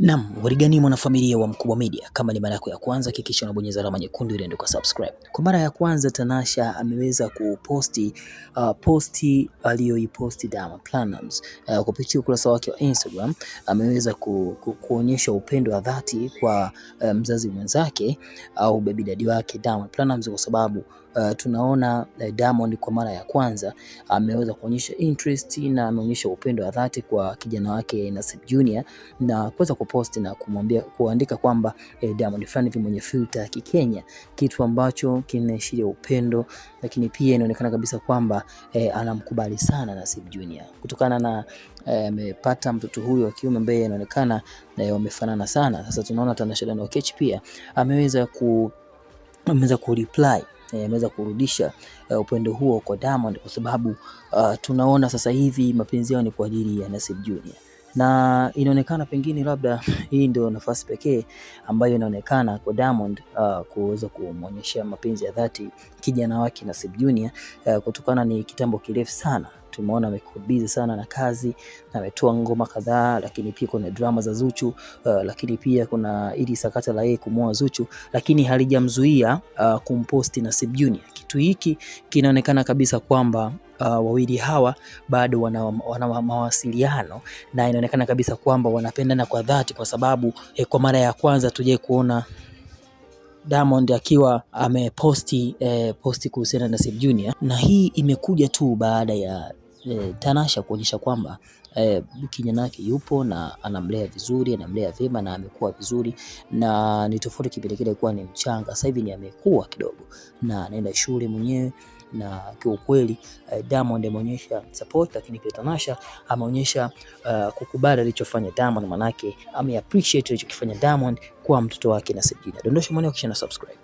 Naam, warigani mwanafamilia wa Mkubwa Media, kama ni mara yako ya kwanza hakikisha unabonyeza alama nyekundu ile andiko subscribe. Kwa mara ya kwanza Tanasha ameweza kuposti uh, posti aliyoiposti Diamond Platnumz uh, kupitia ukurasa wake wa Instagram ameweza ku, ku, kuonyesha upendo wa dhati kwa uh, mzazi mwenzake au baby daddy wake Diamond Platnumz kwa sababu uh, tunaona uh, Diamond kwa mara ya kwanza ameweza kuonyesha interest na ameonyesha upendo wa dhati kwa kijana wake Nasib Junior na kuweza kupost na kumwambia kuandika kwamba eh, Diamond fulani hivi mwenye filter ya Kikenya, kitu ambacho kinaashiria upendo, lakini pia inaonekana kabisa kwamba eh, anamkubali sana Nasib Junior kutokana na eh, amepata eh, mtoto huyo wa kiume ambaye inaonekana eh, wamefanana sana. Sasa tunaona Tanasha Donna Oketch pia ameweza ku ameweza ku reply Eh, ameweza kurudisha uh, upendo huo kwa Diamond kwa sababu uh, tunaona sasa hivi mapenzi yao ni kwa ajili ya Nasib Junior na inaonekana pengine labda hii ndio nafasi pekee ambayo inaonekana kwa Diamond uh, kuweza kumwonyeshea mapenzi ya dhati kijana wake Nasib Junior uh, kutokana ni kitambo kirefu sana tumeona amekuwa busy sana na kazi na ametoa ngoma kadhaa, lakini pia kuna drama za Zuchu uh, lakini pia kuna ili sakata la yeye kumoa Zuchu, lakini halijamzuia uh, kumposti Nasib Junior. Kitu hiki kinaonekana kabisa kwamba uh, wawili hawa bado wana, wana mawasiliano na inaonekana kabisa kwamba wanapendana kwa dhati, kwa sababu eh, kwa mara ya kwanza tuje kuona Diamond akiwa ameposti eh, posti kuhusiana na Sim Junior, na hii imekuja tu baada ya eh, Tanasha kuonyesha kwamba eh, kijana yake yupo na anamlea vizuri, anamlea vyema na amekuwa vizuri, na ni tofauti kipindi kile alikuwa ni mchanga, sasa hivi ni amekuwa kidogo na anaenda shule mwenyewe na kiukweli uh, Diamond ameonyesha support, lakini pia Tanasha ameonyesha uh, kukubali alichofanya Diamond, manake ame appreciate alichokifanya Diamond kwa mtoto wake na Sejina. Dondosha maoni kisha na subscribe.